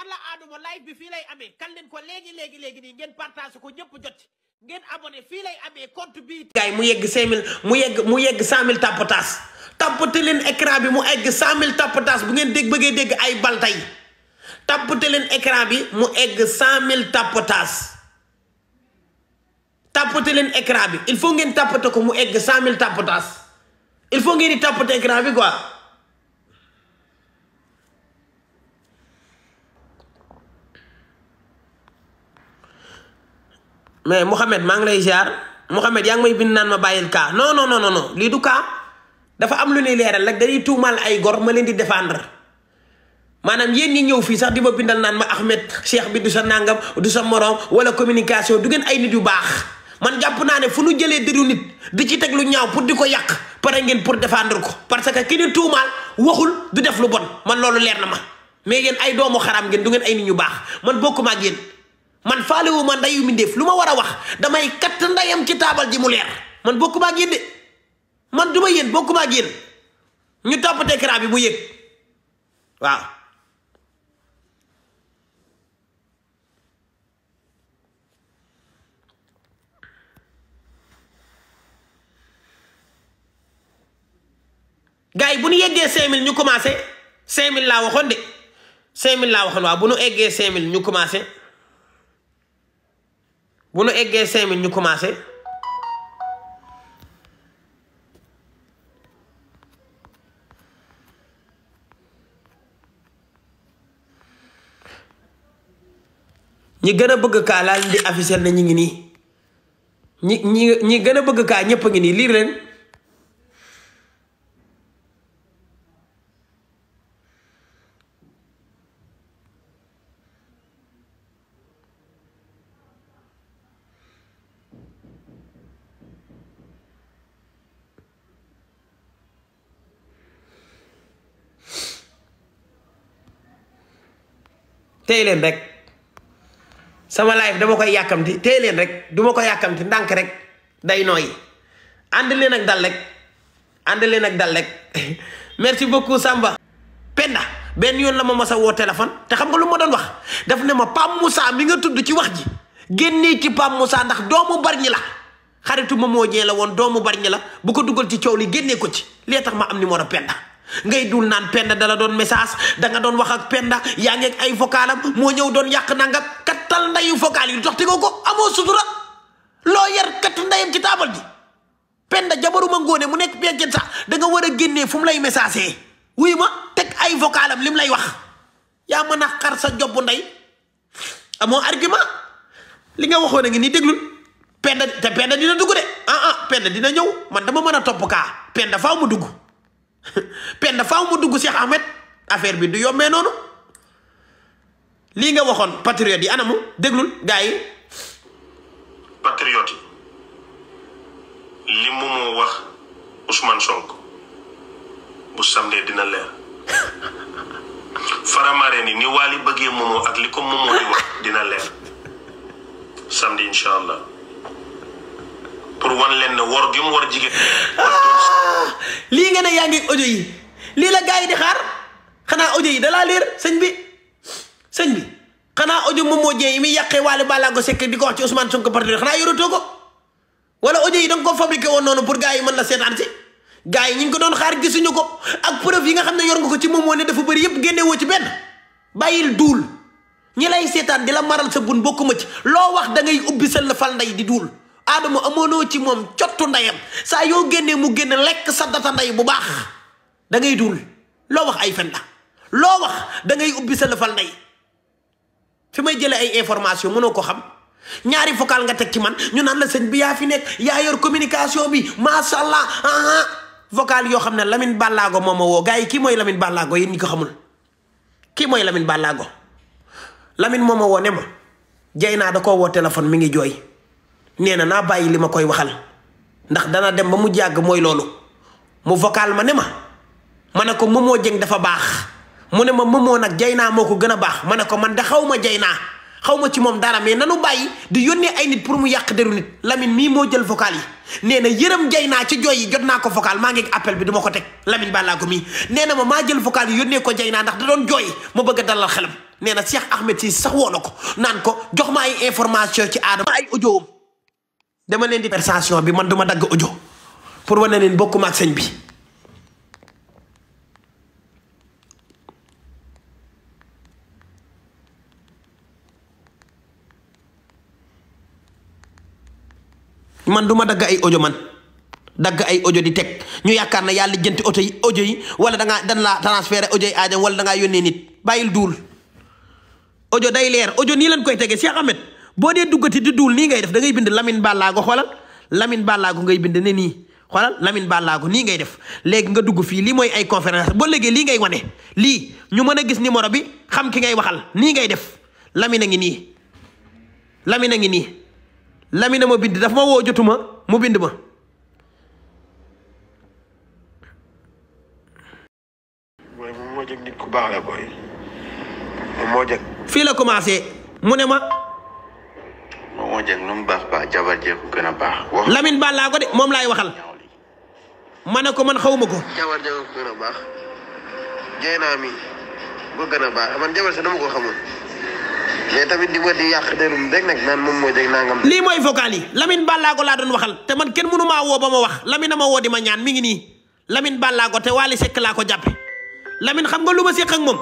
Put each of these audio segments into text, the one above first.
alla adama live bi fii lay amee kan leen ko léegi léegi léegi nii ngeen partage ko ñëpp jot ngeen abonné fii lay amee compte bi gaay mu yegg 5000 mu yegg mu yegg 100000 tapotas tapote leen écran bi mu egg 100000 tapotas bu ngeen dégg bëggee ay bal tey leen écran bi mu egg 100000 tapotas tapote leen écran bi il faut ngeen tapote ko mu egg 100000 tapotas il faut ngeen di tapote écran bi quoi. mais Mouhamed maa ngi lay ziar Mouhamed yaa ngi may bind naan ma bàyyil kaa non non non no lii du kaa dafa am lu ñuy leeral rek dañuy tuumaal ay gor ma leen di défendre maanaam yéen ñi ñëw fii sax di bindal naan ma Ahmed Cheikh bi du sa nangam du sa morom wala communication du ngeen ay nit yu baax. man jàpp naa ne fu nu jëlee dëru nit di ci teg lu ñaaw pour di ko yàq pare ngeen pour défendre ko parce que ki ñu tuumaal waxul du def lu bon man loolu leer na ma mais yéen ay doomu xaraam ngeen du ngeen ay nit ñu baax man bokkuma ak yéen man faalewu ma ndayu mindeef lu ma war a wax damay katt ndayam ci taabal ji mu leer man bokkuma ak yéen de man du ma yéen bokkuma ak yéen ñu topp écran bi mu yëg waaw gars yi bu nu yeggee cinq mille ñu commencé cinq mille laa waxoon de cinq mille laa waxoon waaw bu nu eggee cinq ñu commencé bu nu eggee cinq mille ñu commencé ñi gën a bëgg kaa laal di officiel na ñu ngi nii ñi ñi ñi gën a bëgg kaa ñëpp a ngi nii lii leen téye leen rek sama live dama koy yàkkamti téye leen rek duma ko yàkkamti ndànk rek day nooyi ànd leen ak dal rek ànd leen ak dal rek merci beaucoup Samba Penda benn yoon la ma mos a woo téléphone te xam nga lu ma doon wax daf ne ma Pape Moussa mi nga tudd ci wax ji génnee ci Pape Moussa ndax doomu bari ñi la xaritu ma moo ñee la woon doomu bari ñi la bu ko dugal ci coow li génnee ko ci lee tax ma am numéro Penda ngay dul naan penda dala doon message danga doon wax ak penda yaa ngeeg ay vocalam moo ñëw doon yàq nanga kattal ndayu vocal yi lu tax te ko amoo sutura loo yar kat ndayam ci taabal ji penda jabaruma ngoone mu nekk peccet sax danga war a génnee fu mu lay message wuy ma teg ay vocalam lim lay wax yaa mën a xar sa job ndey amoo argument li nga waxoon a ngi nii déglul penda te penda dina dugg de ah ah penda dina ñëw man dama mën a topp kaa penda faaw mu dugg Penda faaw mu dugg Cheikh Ahmed affaire bi du yombee noonu lii nga waxoon patriote yi anamu déglul gars yi. patriote li mu moo wax Ousmane Sonko bu samedi dina leer faramare ni ni Wally bëggee moomoo ak li ko moomoo di wax dina leer samedi incha allah. pour wan leen ne wor gi jigéen. Ah, lii nga ne yaa ngi audio yi lii la gars yi di xaar xanaa audio yi dalaa leer sëñ bi sëñ bi xanaa audio moom moo yi muy yàqee Wally Ballago Seck di ko wax ci Ousmane Sonko partenaire xanaa ko wala audio yi da nga ko fabriqué woon noonu pour gars yi mën la seetaan si gars yi ñu ngi ko doon xaar gisuñu ko ak preuve yi nga xam ne yor nga ko ci moom moo ne dafa bëri yëpp génnewoo ci benn bàyyil duul ñi lay seetaan di la maral sa bun bokkuma ci loo wax dangay ubbi seen la fal ndey di duul. aadama amoonoo ci moom cottu ndeyam saa yoo génnee mu génn lekk sa data ndey bu baax dangay ngay dul loo wax ay fen la loo wax dangay ngay ubbi sa lëfal ndey fi may jële ay information mënoo ko xam ñaari vocal nga teg ci man ñu naan la sëñ bi yaa fi nekk yaa yor communication bi macha allah ah, ah. yoo xam ne Lamine ballaago moo ma woo gars yi kii mooy Lamine Ballago yéen ñi ko xamul kii mooy Lamine Ballago Lamine moo ma woo ne ma jay naa da koo woo téléphone mi ngi jooy. nee na naa bàyyi li ma koy waxal ndax dana dem ba mu jàgg mooy loolu mu vocal ma ne ma ma ne ko Momo Dieng dafa baax mu ne ma Momo nag Dieyna moo ko a baax ma ne ko man da xaw ma Dieyna xaw ma ci moom dara mais nanu bàyyi di yónnee ay nit pour mu yàq deru nit mii moo jël vocal yi nee na yërëm Dieyna ci jooy yi jot naa ko vocal maa ngi appel bi duma ko teg Lamine Balla ko mii ma maa jël vocal yi yónnee ko Dieyna ndax da doon jooy ma bëgg a dalal xelam nee na Cheikh Ahmed si sax woo na ko naan ko jox ma ay information ci aadama ay audio dama leen di conversation bi man duma dagg pour wane leen bokkuma ak bi man duma dagg ay audio man dagg ay audio di teg ñu yaakaar na yàlla jënti oto yi ojo yi wala danga dan laa transféré audio yi aajam wala da ngaa yónnee nit bàyyil duul audio day leer audio ni lañ koy tege Cheikh Ahmed boo dee duggati di duul nii ngay def dangay ngay bind Lamine Ballaago xoolal Lamine Ballaago ngay bind ne nii xoolal Lamine Ballaago nii ngay def léegi nga dugg fii lii mooy ay conférence boo léegi lii ngay wane lii ñu mën a gis numéro bi xam ki ngay waxal nii ngay def lamin a ngi nii lamin a ngi nii Lamine ma bind daf ma woo jotuma mu bind ma. la commencé mu ne ma. jeeg nu mu baax baax jabar jeeg a baax. Ba laa ko de moom laay waxal. ma ne ko man xawma ko. jabar jeeg ku gën a baax. Dieyna mi ku gën a baax man jabar sax dama ko xamul. mais tamit di ma di yàq derum rek nag naan moom moo jeg nangam. lii mooy vocal yi Lamine Ballaago laa doon waxal te man ken mënu maa woo ba ma wax Lamine ma woo ma ñaan mi ngi nii Lamine Ballaago te Wally sekk laa ko jàppe Lamine xam nga lu ma séq moom.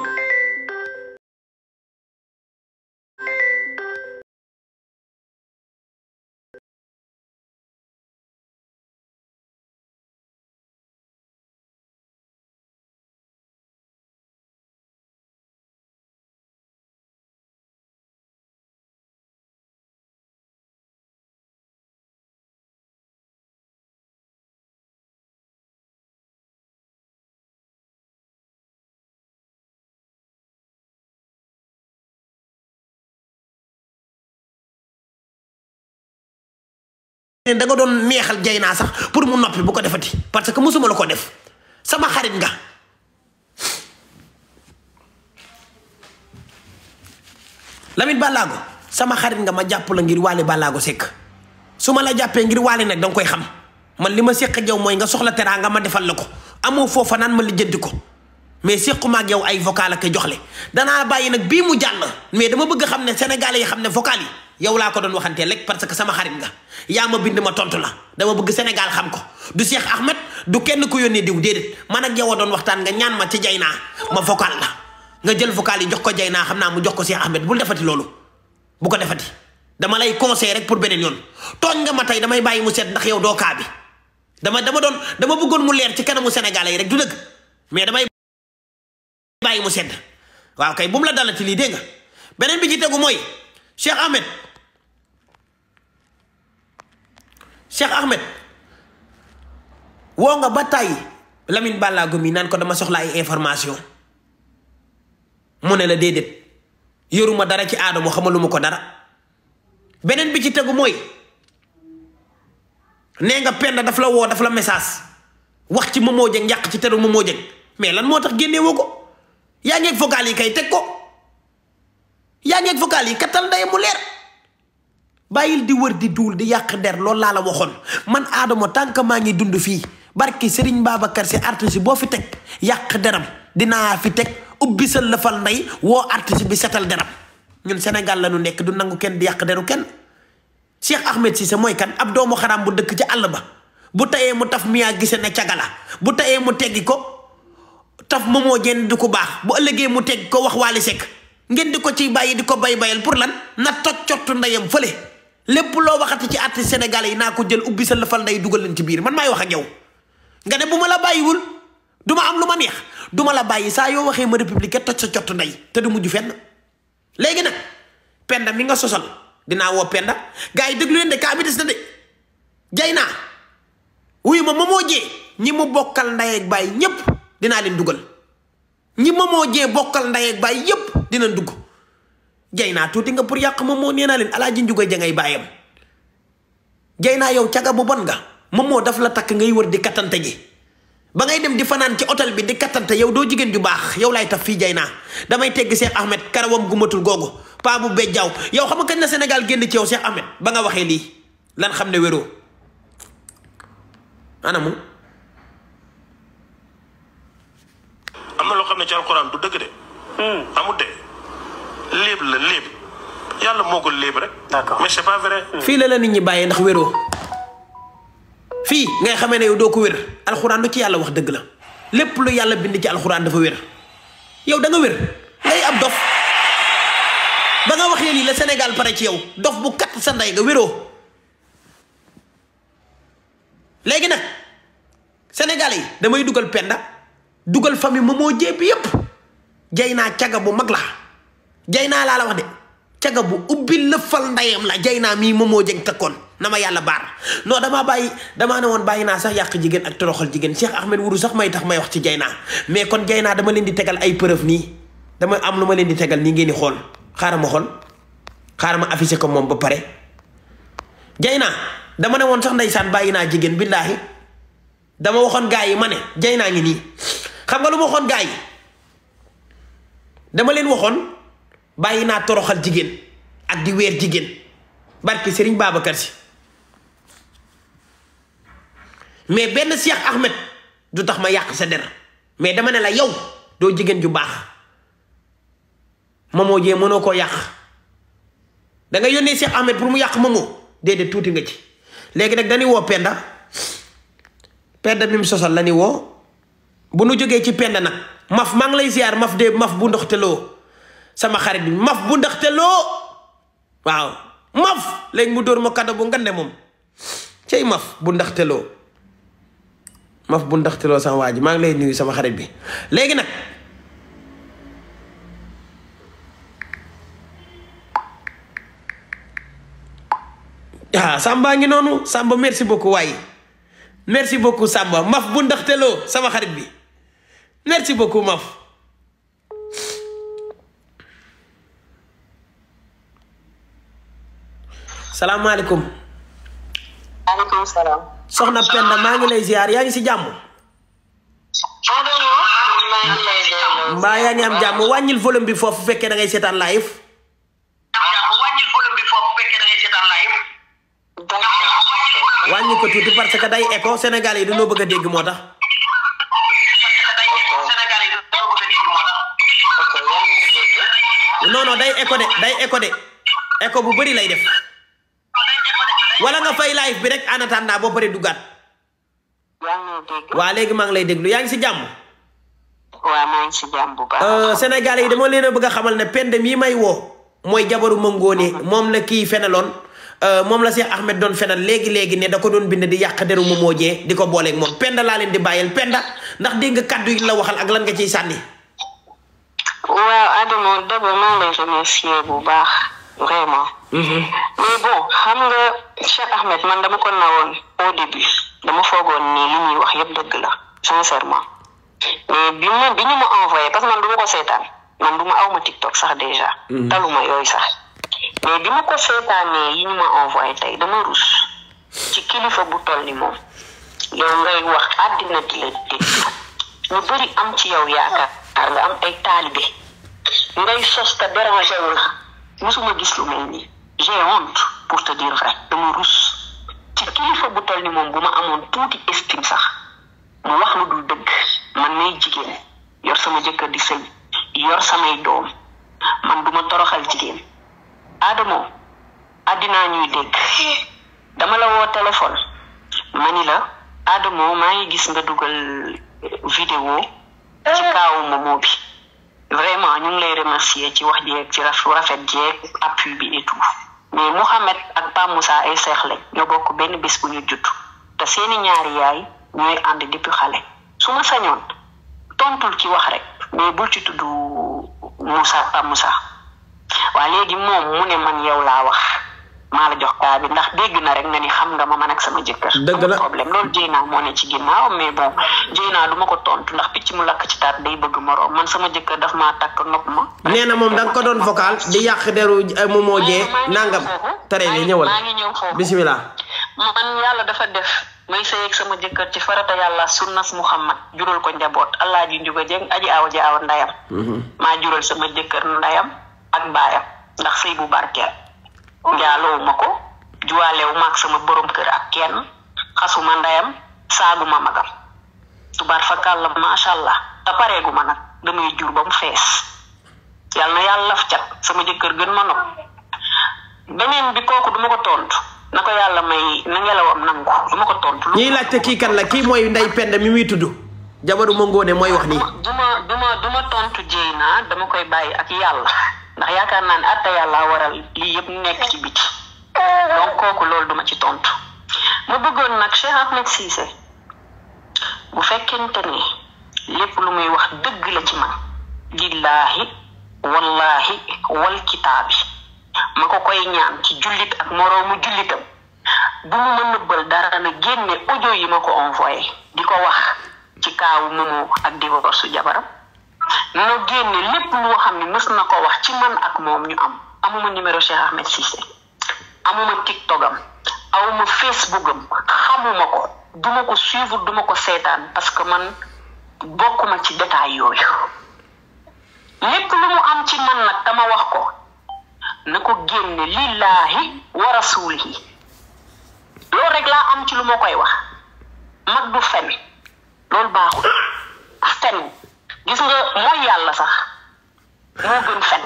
ne da doon neexal jay naa sax pour mu noppi bu ko defati parce que mosuma la ko def sama xarit nga Lamine Balago sama xarit nga ma jàpp la ngir Wally Balago Seck su ma la jàppee ngir Wally nag da koy xam man li ma séq ak yow mooy nga soxla teraa nga ma defal la ko amoo foofa naan ma lijjanti ko mais séquma maak yow ay vocal ak joxle danaa bàyyi nag bii mu jàll mais dama bëgg xam ne sénégalais yi xam ne vocal yi yow laa ko doon waxantee rek parce que sama xarit nga yaa ma bind ma tontu na dama bëgg Sénégal xam ko du Cheikh Ahmed du kenn ku yónnee diw déedéet man ak yow a doon waxtaan nga ñaan ma ci Dieyna ma vocal la nga jël vocal yi jox ko naa xam naa mu jox ko Cheikh Ahmed bul defati loolu bu ko defati dama lay conseil rek pour beneen yoon tooñ nga ma tey damay bàyyi mu seet ndax yow doo kaa bi dama dama doon dama bëggoon mu leer ci kanamu Sénégalais rek du dëgg mais damay bàyyi mu sedd waaw kay bu la dalati lii dégg nga beneen bi ci tegu mooy Cheikh Ahmed Cheikh Ahmed woo nga ba tàyyi lamin Bàllaago mi naan ko dama soxla ay information mu ne la déedéet yoruma dara ci aadama xamaluma ko dara beneen bi ci tegu mooy nee nga penda daf la woo daf la message wax ci Momo jën yàq ci teru Momo jën mais lan moo tax génnewoo ko yaa ngeeg vocal yi kay teg ko yaa ngeeg vocal yi kattal day mu leer bàyyil di wër di duul di yàq der loolu laa la waxoon man Adamo tànk maa ngi dund fii barki Serigne Babacar si artiste boo fi teg yàq deram dinaa fi teg ubbi sa lëfal ndey woo artiste bi setal deram ñun Sénégal la ñu nekk du nangu kenn di yàq deru kenn Cheikh Ahmed Cissé mooy kan ab doomu xaram bu dëkk ci àll ba bu tayee mu taf miyaa gisee ne cagala bu tayee mu teggi ko taf moo jenn di ko baax bu ëllëgee mu teggi ko wax waali sekk ngeen di ko ciy bàyyi di ko bay bayal pour lan na toj cottu ndeyam fële lépp loo waxati ci artiste sénégalais yi naa ko jël ubbi sa lëfal nday dugal leen ci biir man may wax ak yow nga ne bu ma la bàyyiwul du ma am lu ma neex du ma la bàyyi saa yoo waxee ma république toj sa cott nday te du mujj fenn léegi nag penda mi nga sosal dinaa woo penda gars yi déglu leen de kaa bi des na de jay naa wuyu ma Momo Dieng ñi mu bokkal ndey bàyyi baay ñépp dinaa leen dugal ñi Momo bokkal ndey ak baay yépp dugg jay tuuti nga pour yàq moom moo nee naa leen alaaji njuga ja ngay bàyyam jay naa yow caga bu bon nga moom moo daf la takk ngay wër di kattante ji ba ngay dem di fanaan ci hôtel bi di kattante yow doo jigéen ju baax yow lay taf fii jay naa damay tegg Cheikh Ahmed karawam gu matul googu paa bu bejjaaw yow xam nga kañ na Sénégal génn ci yow Cheikh Ahmed ba nga waxee lii lan xam ne wéroo anamu am na loo xam ne ci alxuraan du dëgg de hmm. amut de léeb la léeb yàlla moo ko léeb rek. fii la la nit ñi bàyyee ndax wéroo fii ngay xamee ne yow doo ko wér alxuraan lu ci yàlla wax dëgg la lépp lu yàlla bind ci alxuraan dafa wér yow da nga wér ngay ba nga waxee lii la Sénégal pare ci yow dof bu katt sa ndey léegi nag Sénégal yi damay dugal Penda dugal famille Momo moo bi yépp jay naa caga bu mag la jay naa laa la wax de caga bu ubbi lëfal ndeyam la jay naa mii moom moo jëng takkoon na ma yàlla baax non damaa bàyyi damaa ne woon bàyyi naa sax yàq jigéen ak toroxal jigéen Cheikh Ahmed Wuru sax may tax may wax ci jay naa mais kon jay naa dama di tegal ay preuve nii am lu ma leen di tegal nii ngeen di xool xaaral ma xool ma affiché ko moom ba pare jay naa dama ne woon sax ndeysaan bàyyi naa jigéen billaahi dama waxoon gaa yi ma ne jay naa ngi nii xam nga lu ma waxoon gaa yi dama leen waxoon bàyyi naa toroxal jigéen ak di weer jigéen barke Serigne Babacar si mais benn Cheikh Ahmed du tax ma yàq sa der mais dama ne la yow doo jigéen ju baax Momo Dieng mënoo koo yàq danga yónnee Cheikh Ahmed pour mu yàq Momo déedéet tuuti nga ci léegi nag danuy woo Penda Penda bi mu sosal la ni woo bu nu jógee ci Penda nag maf maa lay ziar maf de maf bu ndox te sama xarit bi maf bu ndaxte loo waaw maf léegi mu dóor ma kado bu ngande moom cey maf bu ndaxteloo loo maf bu ndaxteloo loo sama waa ji maa ngi lay nuyu sama xarit bi léegi nag ah Samba ngi noonu Samba merci beaucoup waaye merci beaucoup Samba maf bu ndaxteloo sama xarit bi merci beaucoup maf salaamaaleykum. maaleykum salaam. soxna Penda maa ngi lay ziar yaa ngi si jàmm. mbaa yaa ngi am jàmm wàññil volume bi foofu bu fekkee da ngay seetaan live. wàññi tuuti parce que day écho Sénégal yi dañoo bëgg a dégg moo tax. non day écho de day écho de écho bu bari lay def. wala nga fay live bi rek en attendant boo paree duggaat. waa léegi maa lay déglu yaa si jàmm. waaw maa ngi euh, yi dama leen a bëgg a xamal ne pendem mi may woo mooy jabaru Mangone moom la kii feneloon euh, moom la Cheikh Ahmed doon fenal léegi léegi ne da doon bind di yàq deru Momo Dieng di ko booleeg moom penda laa leen di bàyyil penda ndax dégg nga yi la waxal ak lan nga ciy sànni. waaw Adama Daba maa ngi lay remercier bu baax vraiment. Mhm. mais bon xam nga. Cheikh Ahmed man dama ko nawoon au début dama foogoon ni li ñuy wax yëpp dëgg la sincèrement mais bi ma ñu ma envoyé parce que man du ma ko seetaan man du ma aw ma TikTok sax déjà. Mhm. taluma yooyu sax mais bi ma ko seetaanee yi ñu ma envoyé tey dama rus ci kilifa bu toll ni moom yow ngay wax àddina di la déglu ñu bëri am ci yow yaakaar nga am ay taalibe ngay sos te dérangé wu la mosuma gis lu mel nii pour te dire vrai dama rus ci kilifa bu toll ni moom bu ma amoon tuuti estime sax mu wax lu dul dëgg man may jigéen yor sama jëkkër di sëy yor samay doom man duma toroxal jigéen Adamo àddinaa ñuy dégg dama la woo téléphone ma ni la Adamo maa ngi gis nga dugal eh, vidéo ci ah. kaawu Momo bi vraiment ñu ngi lay remercier ci wax jeeg ci rafet jeeg appui bi et mais Mouhamed ak Pam Moussa ay seex lañ ñoo bokk benn bis bu ñu judd te seeni ñaari yaay ñooy ànd depuis xale su ma sañoon tontul ci wax rek mais bul ci tudd Moussa Pam Moussa waa léegi moom mu ne man yow laa wax. maa la jox kaa bi ndax dégg na rek nga ni xam nga ma man ak sama jëkkër. dëgg la problème loolu Dieyna moo ne ci ginnaaw mais bon Dieyna du ma ko tontu ndax picc mu lakk ci taat day bëgg moroom man sama jëkkër daf maa takk ma. nee na moom da ko doon vocal di yàq deru eh, Momo Dieng nangam. tere bi ñëwal maa ngi ñëw foofu bisimilah. man yàlla dafa def. may sëyeeg sama jëkkër ci farata yàlla sunnas muhammad jural ko njaboot allah ji njuga jeng aji aw ji aw ndayam mhm. maa jural sama jëkkër ndayam ak mbaayam ndax sëy bu barkeel njaalowuma ko juwaalewu maag sama boroom kër ak kenn xasuma ndeyam saaguma magam tubaar fakal kàllam macha allah te pareegu ma nag damay jur ba mu fees yàlla na yàlla laf cat sama jëkkër gën ma nopp beneen bi kooku duma ko tontu na ko yàlla may na ngelawam nangu duma ko tontu. ñiy laajte kii kan la kii mooy ndey pend mi muy tudd. jabaru ma ngóone mooy wax nii. duma duma duma tontu jéy naa dama koy bàyyi ak yàlla. ndax yaakaar naa ne atta yàlla waral lii yëpp nekk ci biti donc kooku loolu duma ci tontu ma bëggoon nag Cheikh Ahmed Cissé bu fekkente ni lépp lu muy wax dëgg la ci man lillaahi wallaahi wal kitaabi ma ko koy ñaan ci jullit ak moroomu jullitam bu mu mën nëbbal dara na génne ojo yi ma ko envoyé di ko wax ci kaawu moomu ak divorce su jabaram moo génne lépp loo xam ne mës na ko wax ci man ak moom ñu am amuma numéro Cheikh Ahmed Cissé amuma tiktokam awma facebookam xamuma ko duma ko suivre duma ko seetaan parce que man bokkuma ci détail yooyu lépp lu mu am ci man nag dama wax ko na ko génne lillaahi wa yi loolu rek laa am ci lu ma koy wax mag du fen loolu baaxul fen gis nga mooy yàlla sax moo gën fen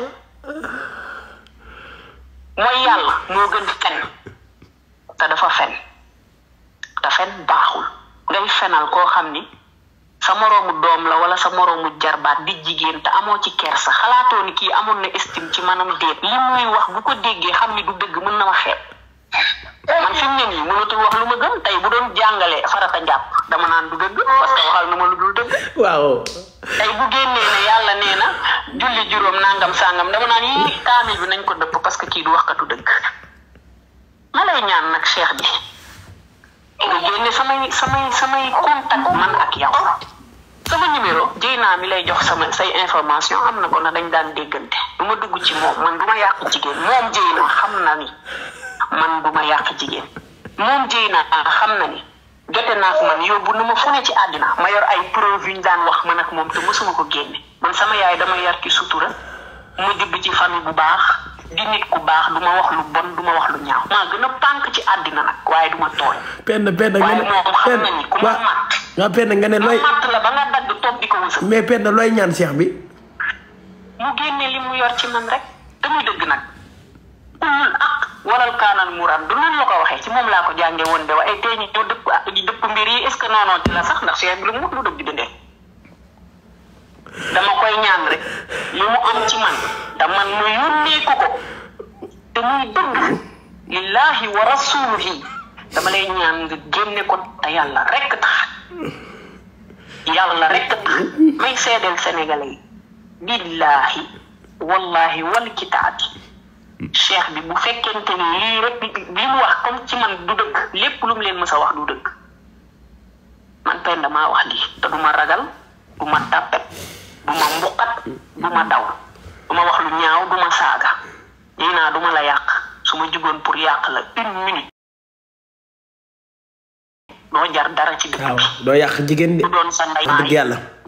mooy yàlla moo gën fen te dafa fen te fen baaxul ngay fenal koo xam ni sa moroomu doom la wala sa moroomu jarbaat di jigéen te amoo ci kersa xalaatoon kii amoon na estime ci manam déet li muy wax bu ko déggee xam ni du dëgg mën na ma xeeb man fi ne nii mënatul wax lu ma gën tey bu doon jàngale farata njàpp dama naan du dëgg ah. parce waxal na ma lu dul dëgg. waaw. tey bu génnee ne yàlla nee na julli juróom nangam sangam dama naan yii kaamil bi nañ ko dëpp parce que kii du waxkatu dëgg. ma lay ñaan nag cheikh bi nga génne samay samay samay contact man ak yow sama numéro jéy naa mi lay jox sama say information am na ko na dañ daan déggante du ma dugg ci moom man du ma jigéen moom jéy naa xam man bu ma yàq jigéen moom jéy naa xam na ni jote naa ko man yóbbu nu ma fu ne ci àddina ma yor ay preuve yu ñu daan wax man ak moom te mësuma ko génne man sama yaay dama yar ci sutura mu jubb ci famille bu baax di nit ku baax du ma wax lu bon du ma wax lu ñaaw maa gën a pànk ci àddina nag waaye du ma tooñ penn nga ne na ni ku ma màtt waaw penn nga ne looy màtt la ba nga dagg toog di ko wusal mais na looy ñaan seex bi mu génne li mu yor ci man rek te dëgg nag ulul ak walal kaanal muraan du loolu la ko waxee ci moom laa ko jànge woon de waaye tey ñu ñëw dëpp ñu ah, dëpp mbir yi est ce que noonu di la sax ndax cheikh bi lu mu wut lu dëgg dama koy ñaan rek li mu am ci man te man mu yónnee ko ko te muy dëgg lillahi wa rasulihi dama lay ñaan nga génne ko te yàlla rek tax yàlla rek tax may seedeel sénégalais yi billahi wallahi cheikh bi bu fekkente ne lii rek li mu wax comme ci man du dëkk lépp lu leen mës a wax du dëgg man pen damaa wax lii te du ragal du ma tàppet du ma daw du wax lu ñaaw duma ma saaga nee naa du ma la yàq su ma jugoon pour yàq la une minute doo jar dara ci dëkk bi doo yàq jigéen de bu doon sa ndey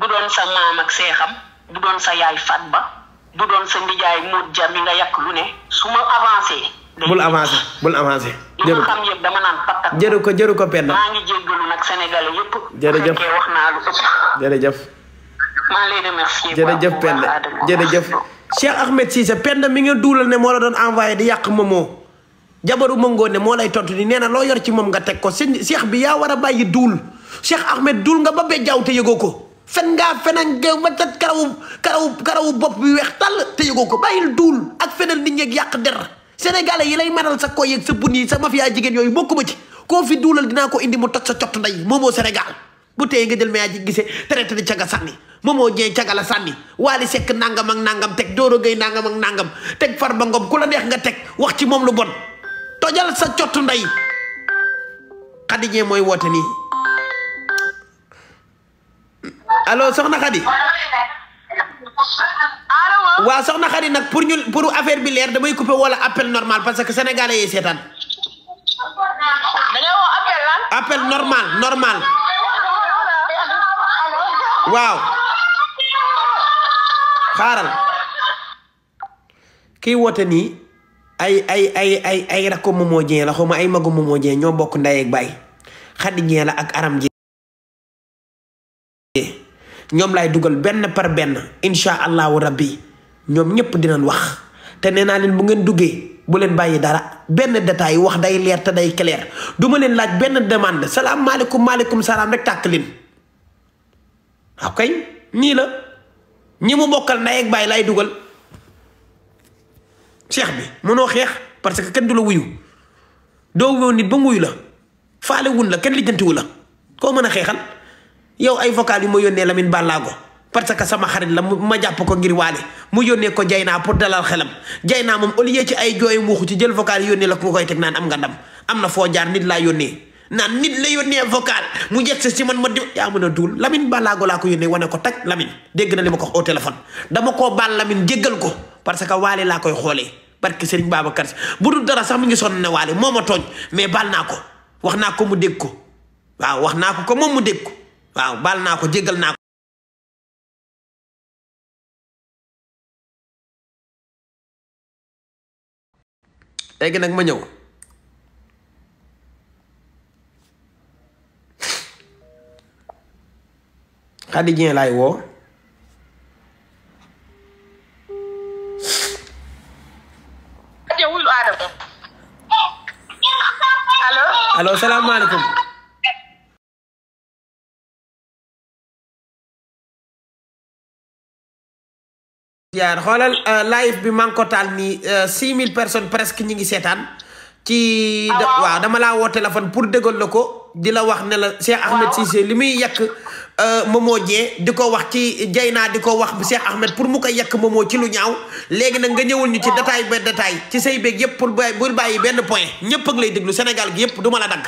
bu doon sa maam ak seexam bu doon sa yaay fat ba bu doon sa ndijaay Modou Dia mi nga yàq lu ne su ma avancé. bul avancé bul avancé. jëru ko dama naan patak. jëru ko jëru ko Penda. maa ngi jéggalu nag sénégalais yëpp. jërëjëf bu wax lu ëpp. jërëjëf. maa ngi lay remercier. jërëjëf Penda jërëjëf. Cheikh Ahmed Cissé Penda mi nga duulal ne moo la doon envoyé di yàq moomoo. jabaru mëngoo ne moo lay tontu ni nee na loo yor ci moom nga teg ko si Cheikh bi yaa war a bàyyi duul Cheikh Ahmed duul nga ba bejjaaw te yëgoo ko fen ngaa fenan geew ba ca karawu karawu karawu bopp bi weex tàll te yëgoo ko bàyyil duul ak fenal ni ñeeg yàq der sénégalais yi lay maral sa koy yeeg sa bun yi sa mafia jigéen yooyu bokkuma ci koo fi duulal dinaa ko indi mu toj sa cott nday moomoo sénégal bu tey nga jël mayaa ji gisee traité di caga sànni moomoo ñee caga la sànni waali sekk nangam ak nangam teg dooro gay nangam nangam teg far ba ngom ku la neex nga teg wax ci moom lu bon tojal sa cott nday xadiñee mooy woote nii allo soxna Khady. waaw soxna Khady nag pour ñu pour affaire bi leer damay couper wala appel normal parce que sénégalais yi seetaan. appel normal normal. waaw. xaaral. ki woote nii ay ay ay ay ay rakko Momo Dieng la ay magu Momo Dieng ñoo bokk ndey ak baay Khady Dieng ak Aram Dieng. ñoom laay dugal benn par benn incha allahu rabbi ñoom ñëpp dinañ wax te nee naa leen bu ngeen duggee bu leen bàyyi dara benn détail wax day leer te day clair duma leen laaj benn demande salaamaaleykum maaleykum salaam rek tàkk leen waaw kay nii la ñi mu bokkal ndey ak bàyyi laay dugal cheikh bi mënoo xeex parce que kenn du la wuyu doo woo nit ba nguyu la faale wun la kenn lijjantiwu la koo mën a xeexal yow ay vocal yu ma yónnee Lamine Ballago parce que sama xarit la ma jàpp ko ngir waale mu yónnee ko Dieyna pour dalal xelam Dieyna moom au lieu ci ay jooy muuxu ci jël vocal yónnee la ku nga koy teg naan am nga ndam am na foo jaar laa yónnee naan nit la yónnee vocal mu yegg si man ma di yaa mën a duul Lamine ko yónnee wane ko taj Lamine dégg na li ko wax au téléphone dama koo baal Lamine jéggal ko parce que waale laa koy xoolee barke Serigne Babacar bu dul dara sax mu ngi sonn ne waale moo ma mais baal naa ko wax naa ko mu dégg ko waaw wax naa ko ko moom mu dégg ko waaw baal naa ko jéggal naa ko léegi nag ma ñëw Khady Dieng laay woo yaar xoolal euh, live bi maa ngi ko taal nii 6000 euh, personnes presque ñi ngi seetaan ci ah, waaw dama laa woo téléphone pour dëggal la ko di la wax ne la Cheikh Ahmed Cissé li muy yekk euh, Momo Dieng di ko wax ci jay Dieyna di ko wax Cheikh Ahmed pour mu ko yekk Momo ci lu ñaaw léegi nag nga ñëwul ñu ci détail ba détail ci say beeg yëpp pour bul bàyyi benn point ñëpp ak lay déglu Sénégal gi yëpp du ma la dagg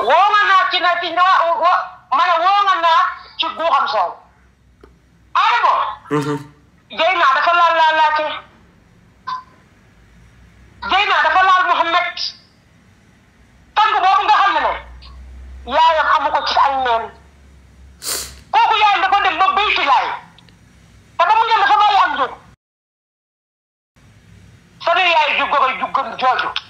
woonga naa ci ci na wa ma ne woonga naa ci guuxam soow Adamo mm-hmm. jëy naa dafa laal laal laate jëy naa dafa laal Mouhamed tàng boobu nga xam ne ne yaayam amu ko ci ay neen kooku yaayam dafa dem ba béy ba mu ñëw dafa bàyyi am jóg sama yaay ju gogo ju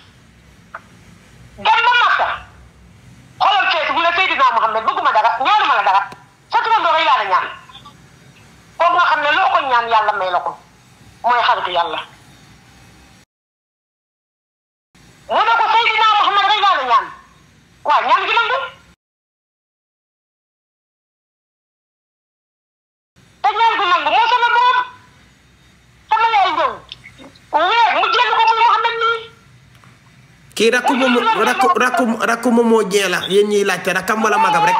kii rakku moom rakku rakku rakku moomoo jee la yéen ñiy laajte rakkam magam rek.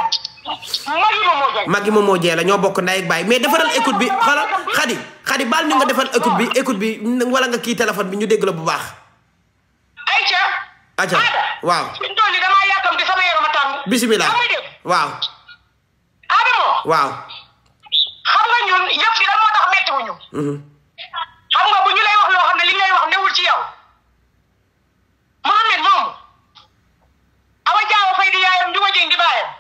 magi moomoo jee la ñoo bokk ndey ak baay mais defaral écoute bi xoolal xadi xadi baal ñu nga defal écoute bi écoute bi wala nga kii téléphone bi ñu dégg la bu baax. ayca. a mhm. ci yow. Mohamed moom Awa Diaw Faye di yaayam di ma jëng di baayam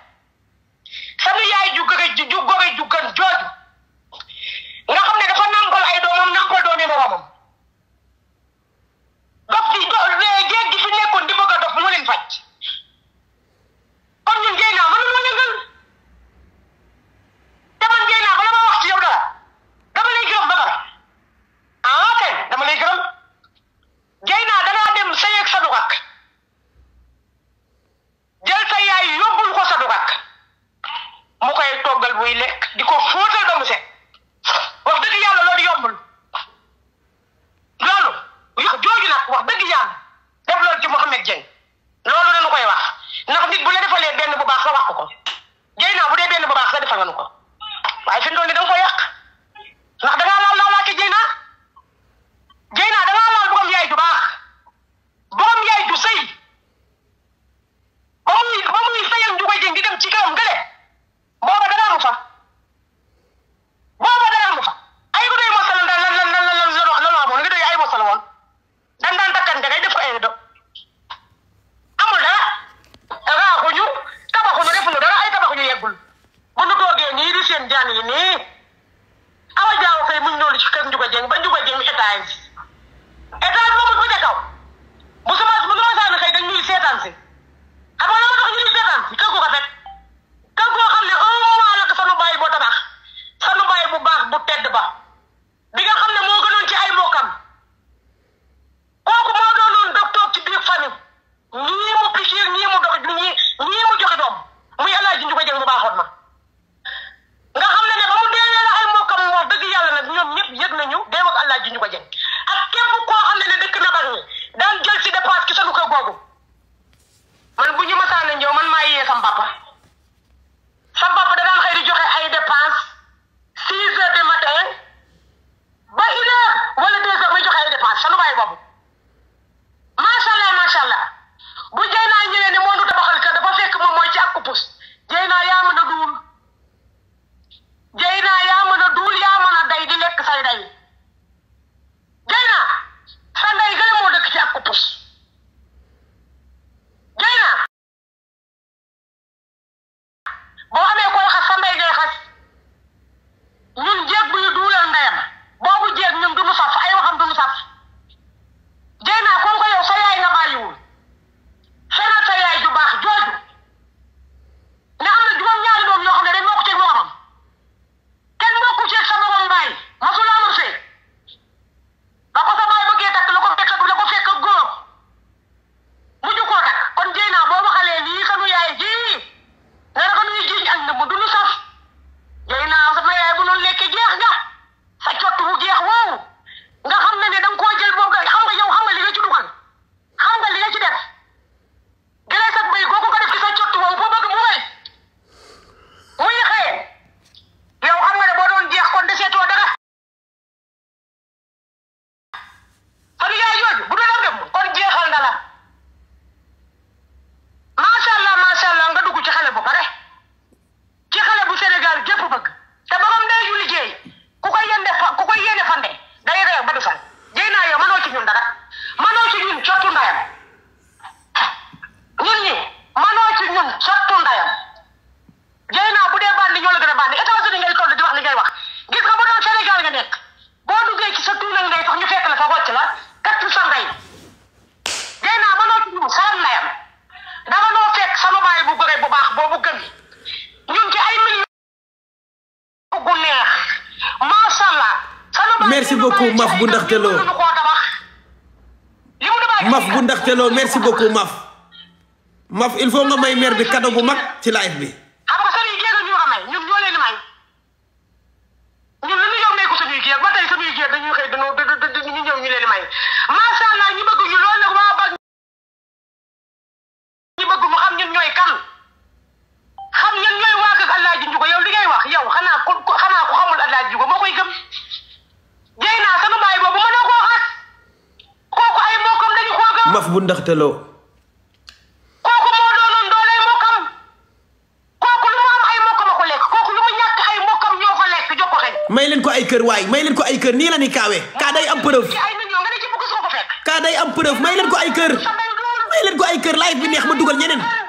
sama yaay ju gëge ju goge ju gën jooju ne dafa nàmpal ay doomam nàmpal doomi moromam dof di jéeg gi fi nekkoon di bëgg a dof mu leen faj kon ñun jéeg naa mënu ma lëngal Atello merci beaucoup Maf Maf il faut nga may maire bi cadeau bu mag ci live bi. may leen ko ay kër waay may leen ko ay kër nii la ni kaawee kaa day am preuve kaa day am preuve may leen ko ay kër may leen ko ay kër live bi neex ma dugal ñeneen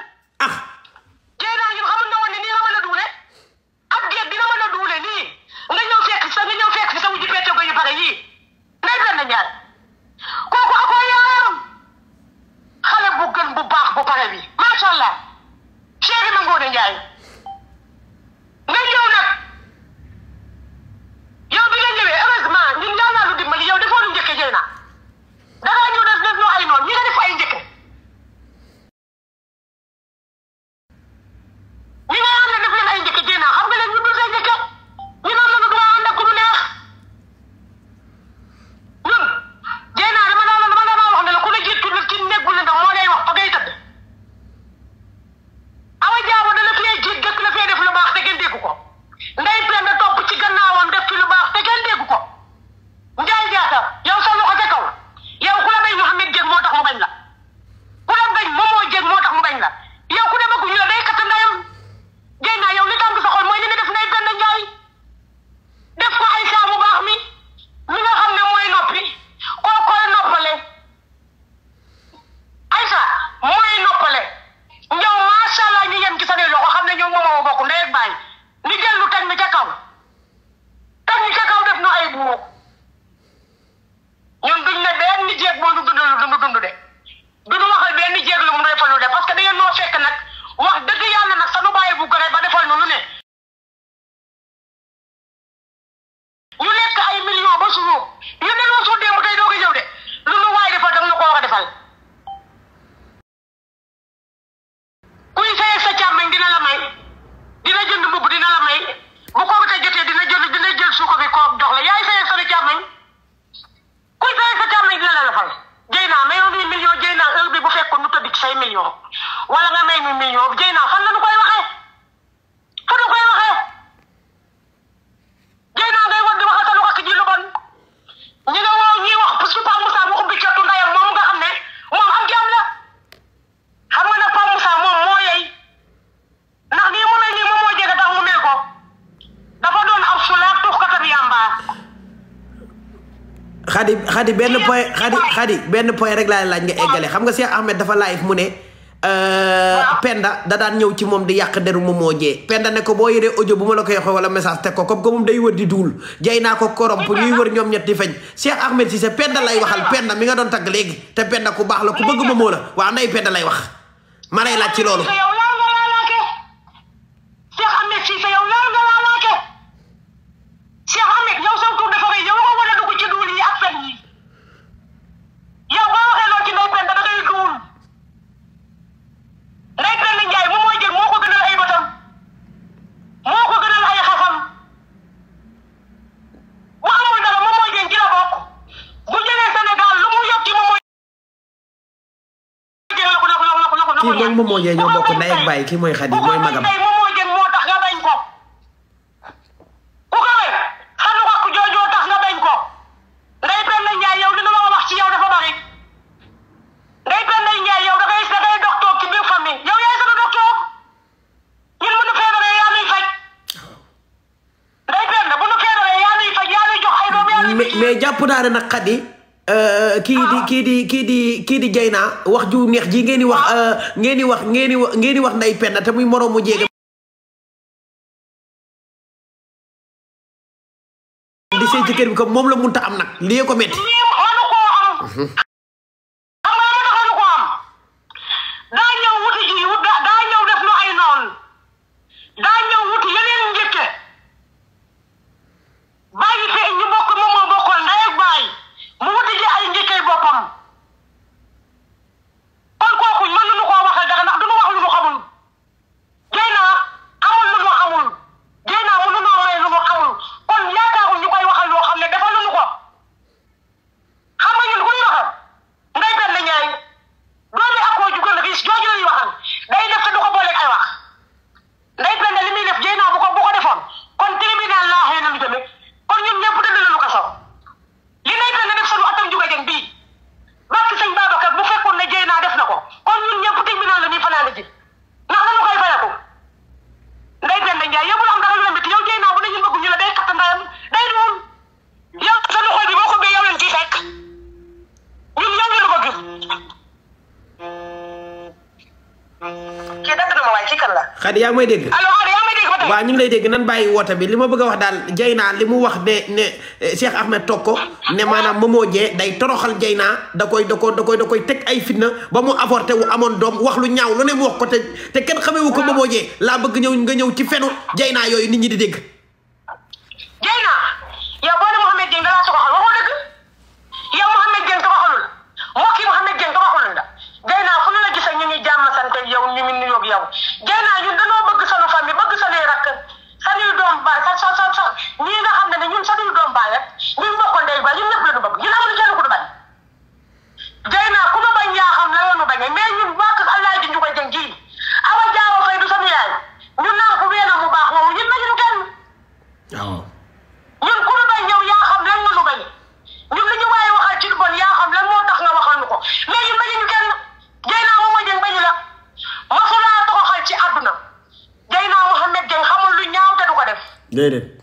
Khady benn point rek laa laaj nga eggale xam nga Cheikh Ahmed dafa live mu ne. Euh, Penda da daan ñëw ci moom di yàq deru Momo Dieng Penda ne ko boo yoree audio bu ma la koy waxee wala message te ko comme ko moom day wër di duul jay naa ko korom pour ñuy wër ñoom ñetti di feñ Cheikh Ahmed Cissé Penda lay waxal Penda mi nga doon tagg léegi te Penda ku baax la ku bëgg Momo la na nday Penda lay wax ma lay laaj ci loolu. jee ñoo bokk ndey ak baay kii mooy xadi mooy magam. mais jàpp naa ne nag xadi Ah. kii di kii di kii di kii di jay naa wax ju neex ji ngeen di wax ah. euh, ngeen di wax ngeen di wax nday penn te muy moroomu jéega di sëy kër bi ko moom la munta am nag lii ko metti may dégg waaw ñu ngi lay dégg nan bàyyi woote bi li ma bëgg a wax daal Dieyna li mu wax ne ne eh, Cheikh Ahmed toog ko ne maanaam Momo Dieng day toroxal Dieyna da koy da ko da koy da koy teg ay fitna ba mu avorté wu amoon doom wax lu ñaaw lu ne mu wax ko te te kenn xamewu ko Momo Dieng laa bëgg ñëw nga ñëw ci fenu Dieyna yooyu nit ñi di dégg déedéet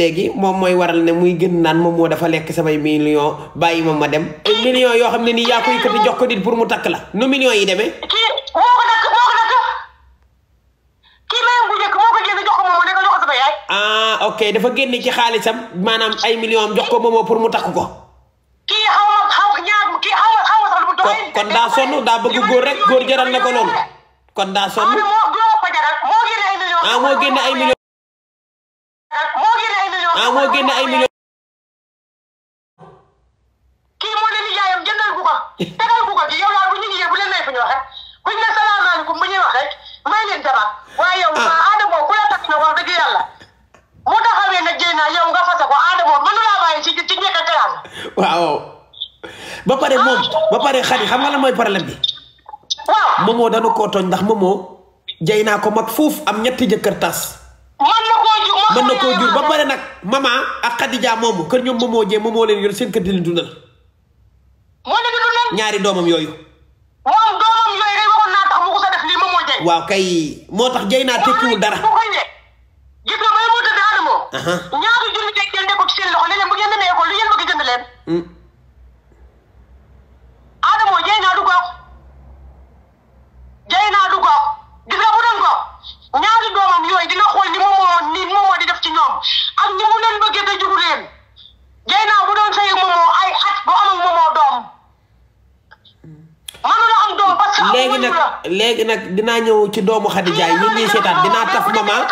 léegi moom mooy waral ne muy gën naan moom moo dafa lekk samay million bàyyi ma ma dem ay millions yoo xam ne nii yaa ko yëkkati jox ko nit pour mu takk la nu millions yi demee kii moo ko nakk moo ko nakk kii mayam ah ok dafa génn ci xaalisam maanaam ay millions am jox ko moomoo pour mu takk ko kii xaw ma kon daa sonn daa bëgg góor rek góor jaral na ko loolu kon daa sonn ah moo génne ay millions ah moo génne ay millions. kii moo leen di jaayam jëndal ko ko tegal ko ko ci yow daal bu ñu gisee bu leen lay fi ñu waxee bu ne salaamaaleykum bu ñuy wax rek may ah. ku la tax na waaw ba pare ah. moom xam nga lan mooy problème bi. waaw danu koo tooñ ndax Momo jay naa ko mag foofu am ñetti jëkkër mën na koo jur mën na koo jur ba pare nag mama ak Khadija moomu kër ñoom moomoo jee moomoo leen yor seen kër di leen dundal. ñaari doomam yooyu. moom doomam yooyu kay waaw kay moo tax jey naa tekkiwul dara. gis nga bay moo tëdd Adamo. ko seen loxo ne leen bu ngeen demee école lu ngeen bëgg jënd leen. Hmm. Adamo jey naa du jey naa du ñaari doomam yooyu di nga xool ni moo ni di def ci ñoom ak ñi mu leen bëggee te juru leen Dieyna bu doon sëy nag léegi nag dinaa ci doomu Khadija yi ñun ñuy seetaan dinaa taf mama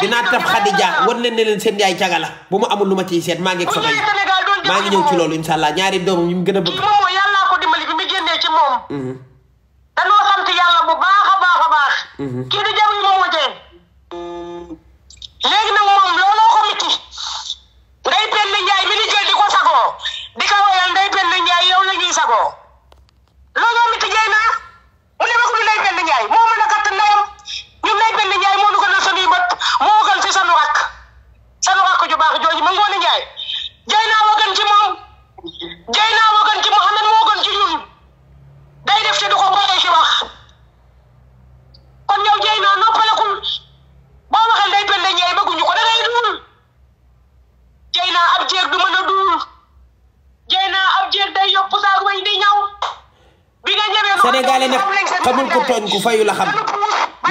dinaa taf Khadija war leen ne leen seen yaay caga bu ma amul lu ma ciy seet maa ngi maa ngi ñëw ci loolu incha allah ñaari doomam ñu gën a bëgg. moom yàlla ko dimbali bi mu génnee ci moom. Mm-hmm. danoo sant yàlla bu baax a baax a baax. Mm-hmm. léegi nag moom looloo ko métti Ndeye Penda Ndiaye mi ni jël di ko sagoo di ko woyal Ndeye Penda Ndiaye yow la ñuy sagoo looloo métti jaay naa mu ne ma ko du Ndeye Penda Ndiaye moo mën a gàtt ndeyam ñun Ndeye Penda Ndiaye moo nu gënal sunuy bët moo gën si sanu rakk sanu rakk ju baax jooju ma ngoone Ndiaye jaay ci moom jaay sénégalais nag xamul ko tooñ ku fayu la xam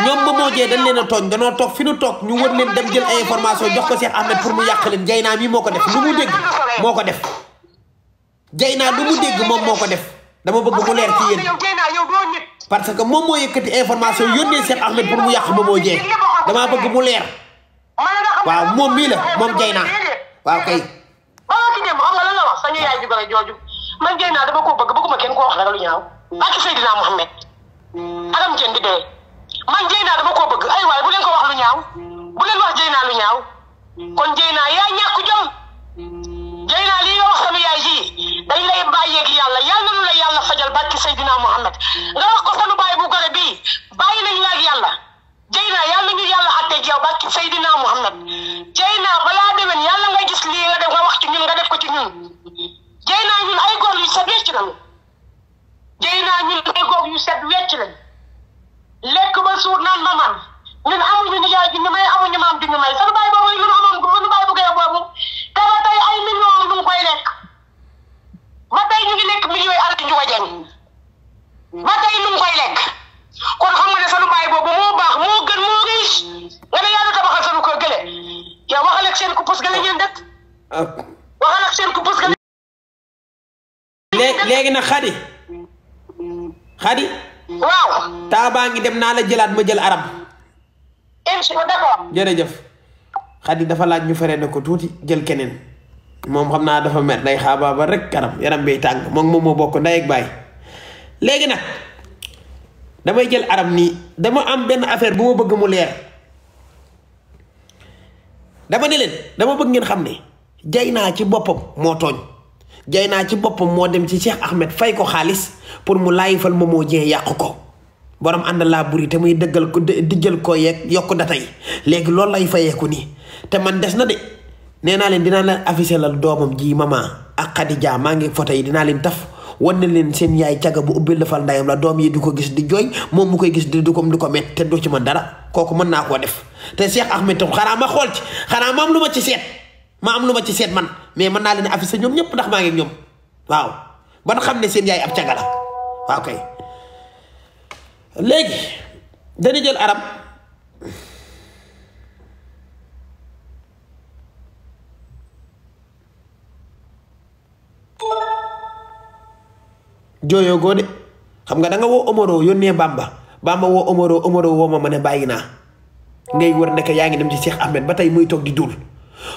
ñoom ba moo jee dañ leen a tooñ danoo toog fi nu toog ñu wër leen dem jël ay information jox ko Cheikh Ahmed pour mu ko def lu mu naa lu mu dégg moom moo ko def dama bëgg mu leer ci yéen parce que moom moo yëkkati information yónnee Cheikh Ahmed pour mu yàq moo damaa bëgg mu leer waaw moom mii la moom jay naa waaw kay ba ki dem xam nga lan la wax sañu yaay ju bare jooju man jay naa dama ko bëgg bëgguma kenn ko wax ñaaw barke Seydina Mohamed Adam Dieng di dee man Dieyna dama koo bëgg ay waay bu leen ko wax lu ñaaw bu leen wax Dieyna lu ñaaw kon naa yaa ñàkk jom naa lii nga wax sama yaay jii dañ lay bàyyeeg yàlla yàlla nanu la yàlla fajal barke Seydina Mohamed nga wax ko sanu baay bu gore bii bàyyi nañ la ak yàlla Dieyna naa yàlla àtteeg yow barke Seydina Mohamed Dieyna balaa déwén yàlla nga gis lii nga def nga wax ci ñun nga def ko ci ñun Dieyna ñun ay góor yu sa ci nañu jëy naa ñu léegoog yu set wecc lañ lekk ba naan ma man ñun amuñu nijaay ji ñu may amuñu maam ji ñu may sanu bàyyi boobu lu ñu amoon lu ñu bàyyi bu koy boobu te ba tey ay millions ñu ngi lekk ba tey ñu lekk millions yi alal ju wajan ba tey ñu ngi lekk kon xam nga ne sanu bàyyi boobu moo baax moo gën moo riche nga ne yàlla tabaxal sanu ko gële yow waxal ak seen ku pus gële ngeen dëkk ah. waxal ak seen ku pus gële léegi na xadi xadi waaw baa ngi dem naa la jëlaat ma jël arab incha allah d'accord jërëjëf xadi dafa laaj ñu feree na ko tuuti jël keneen moom xam naa dafa mer day xaabaaba rek kanam yaram bay tàng moom moom moo bokk ndey baay léegi nag damay jël arab nii dama am benn affaire bu ma bëgg mu leer dama ne leen dama bëgg ngeen xam ne jay naa ci boppam moo tooñ jay naa ci boppam moo dem ci Cheikh Ahmed fay ko xaalis pour mu fal ma Momo Dieng yàq ko borom ànd laa buri te muy dëggal ko dijjal ko yeeg yokk data yi léegi loolu lay fayeeku nii te man des na de nee naa leen dinaa leen affiché lal doomam ji maman ak Khadija maa ngi photo yi dinaa leen taf wan na leen seen yaay caga bu ubbil fal ndayam la doom yi di ko gis di jooy moom mu koy gis di du ko di ko met te du ci ma dara kooku mën naa koo def te Cheikh Ahmed tam xanaa ma xool xanaa moom lu ma ci seet ma am lu ma ci seet man mais mën naa leen affiché ñoom ñëpp ndax maa ngi ñoom waaw ban xam ne seen yaay ab cagala waaw kay léegi dañu jël arab jooyoo goo de xam nga da woo Omaro yónnee Bamba Bamba woo Omaro Omaro woo ma ma ne bàyyi naa ngay wër nekk yaa ngi dem ci Cheikh Ahmed ba tey muy toog di duul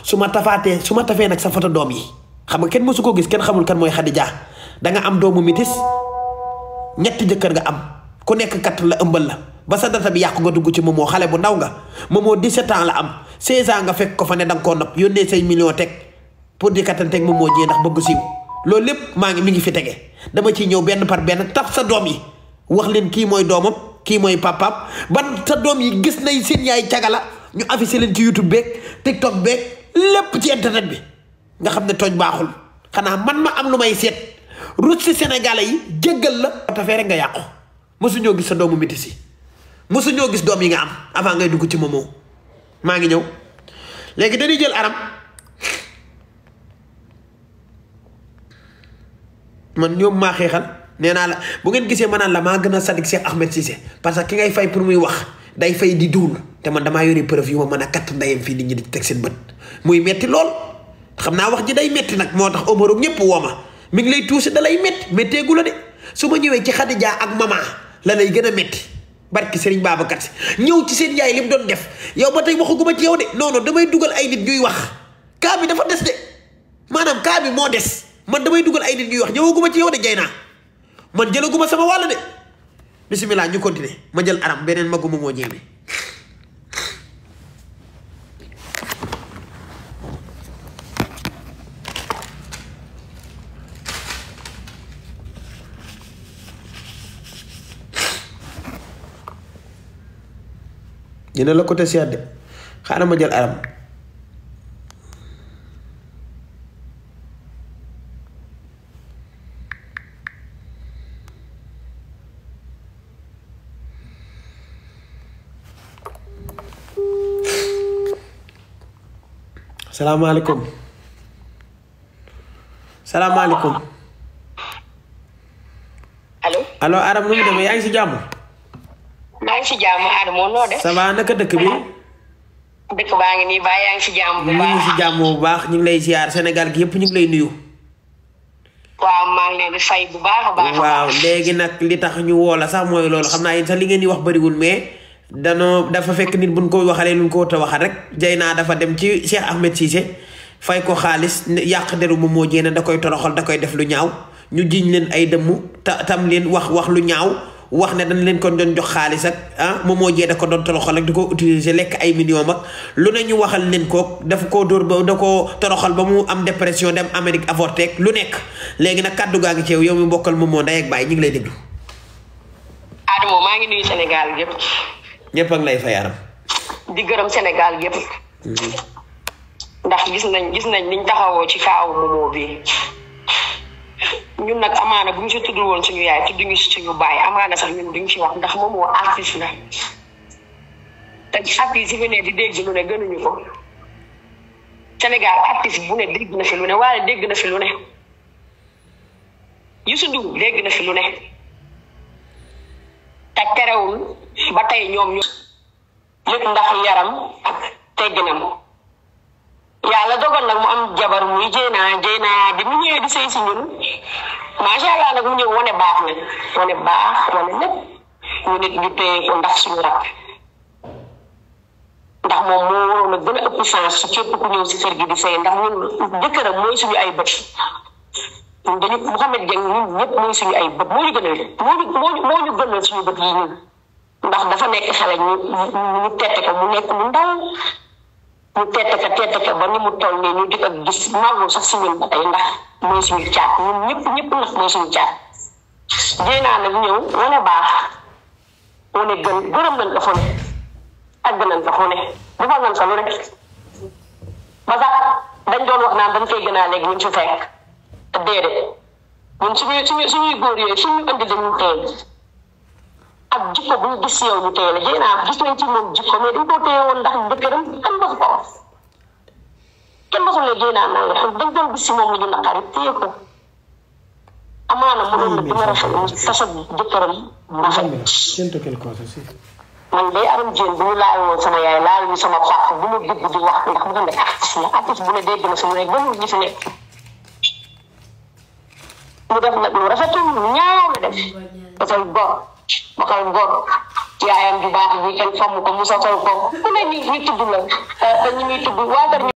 su ma tafaatee su ma tafee nag sa photo doom yi xam nga kenn mësu koo gis kenn xamul kan mooy Khadija da nga am doomu mitis ñetti jëkkër nga am ku nekk kat la ëmbal la ba sa data bi yàqu nga dugg ci moomoo xale bu ndaw nga moomoo di ans la am 16 ans nga fekk ko fa ne da nga koo nopp yónnee say million teg pour di kattanteeg moomoo jee ndax bëgg siiw loolu lépp maa ngi mi ngi fi tege dama ciy ñëw benn par benn taf sa doom yi wax leen kii mooy doomam kii mooy papaam ban sa doom yi gis nañ seen yaay ñu affiché leen ci YouTube beeg TikTok beeg lépp ci internet bi nga xam ne tooñ baaxul xanaa man ma am lu may seet rut si Sénégalais yi jéggal la. tafee rek nga yàqu mosuñoo gis sa doomu métis yi mosuñoo gis doom yi nga am avant ngay dugg ci moomoo maa ngi ñëw léegi dañuy jël aram man ñoom maa xeexal nee naa la bu ngeen gisee ma naan la maa gën a sadik Cheikh Ahmed Cissé parce que ki ngay fay pour muy wax. day fay di duul te man damaa yore preuve yu ma mën a katt ndeyam fii nit ñi di teg seen bët muy metti lool xam naa wax ji day metti nag moo tax Omaro ñëpp woo ma mi ngi lay tuusi da lay metti métteegu de su ma ñëwee ci Khadija ak mama la lay gën a metti barki Serigne Babacar Si ñëw ci seen yaay li doon def yow ba tey waxaguma ci yow de non damay dugal ay nit ñuy wax kaa bi dafa des de maanaam kaa bi moo des man damay dugal ay nit ñuy wax ñëwaguma ci yow de jay naa man jëlaguma sama wàll de bisimilah ñu continuer ma jël aram beneen maguma moo ñeeme ñu ne la côté seet de xaaral ma jël aram salaamaaleykum salaamaaleykum. allo allo Arame nu mu demee yaa ngi si jàmm. maa ngi jàmm Adama noo def. ça naka dëkk bi. dëkk baa ngi nii ba yaa ngi si jàmm bu baax ñu ngi si jàmm bu baax ñu ngi lay ziar Sénégal gi yëpp ñu ngi lay nuyu. waaw maa ngi leen fay bu baax a baax. waaw léegi nag li tax ñu woo la sax mooy loolu xam naa yéen sax li ngeen di wax bariwul mais. danoo dafa fekk nit buñ ko waxalee luñ ko koo a waxal rek naa dafa dem ci Cheikh Ahmed fay ko xaalis yàq deru moom moo jéena da koy toroxal da koy def lu ñaaw ñu jiiñ leen ay dëmm ta tam leen wax wax lu ñaaw wax ne dañ leen ko doon jox xaalis ah moom moo jee da ko doon toroxal ak di ko utiliser lekk ay millions ak lu ne ñu waxal leen ko dafa koo dóor ba da koo toroxal ba mu am dépression dem Amérique avorté ak lu nekk léegi nag kàddu gaa ngi ci yow mi bokkal moom moo ndey ak bàyyi ñu ngi lay déglu. Adamo maa ngi nuyu Sénégal yëpp. ñëpp a ngi lay fay di gërëm Sénégal yëpp. Mm-hmm. ndax gis nañ gis nañ niñ taxawoo ci kaawu Momo bi ñun nag amaana bu ñu si tudd woon suñu yaay tudd ñu si suñu baay amaana sax ñun duñ ci wax ndax Momo artiste la te artiste yi fi ne di dégg lu gënuñu ko Sénégal artiste bu ne na fi lu ne waaye dégg na fi lu ne Youssou Ndour dégg na fi lu ne. terewul ba tey ñoom ñu lépp ndax yaram ak tegginam yàlla dogal nag mu am jabar muy jéynaa jéynaa bi mu ñëwee di sëy si ñun macha allah nag mu ñëw wane baax na wane baax wane lépp ñu nit ñu ko ndax suñu rakk ndax moom moo waroon a gën a ëpp chance su képp ku ñëw si kër gi di sëy ndax ñun jëkkëram mooy suñu ay bët ñun dañu Mouhamed Dieng mooy suñu ay bët moo ñu gënal moo ñu moo ñu moo ñu gënal suñu bët yi ñun ndax dafa nekk xale ñu ñu tette mu nekk mu ndaw ñu tette ko ba ni mu toll nii ñu di ko gis naaw sax si ñun ba tey ndax mooy suñu caat ñun ñëpp ñëpp ndax mooy suñu caat jéenaa nag baax wane ne ak gënal ko fu nañ ko lu rek ba sax dañ doon wax naan dañ koy gën a léegi ñu ci fekk déedéet ñun suñuy suñuy suñuy góor yooyu suñu indi dañuy teel ak jikko bu ñu gis yow ñu teel a jéem gis nañ ci moom jikko mais dañ koo téye woon ndax jëkkëram kenn mosu kenn mosu a naan la dañ doon gis si moom la ñu naqari téye ko. amaana mu doon dina rafet tasa jëkkëram rafet. man day aram jéem bu ñu laal woon sama yaay sama papa bu ma dugg di wax ndax mu ngi nekk artiste la artiste bu ne dégg na su ma rek ba mu gis ne. mu def nag lu rafetul ñaaw la def dafay gor ba koy gor yaayam ju baax bi kenn famu ko mu sosal ko ku ne ñu tudd la ñu muy tudd waa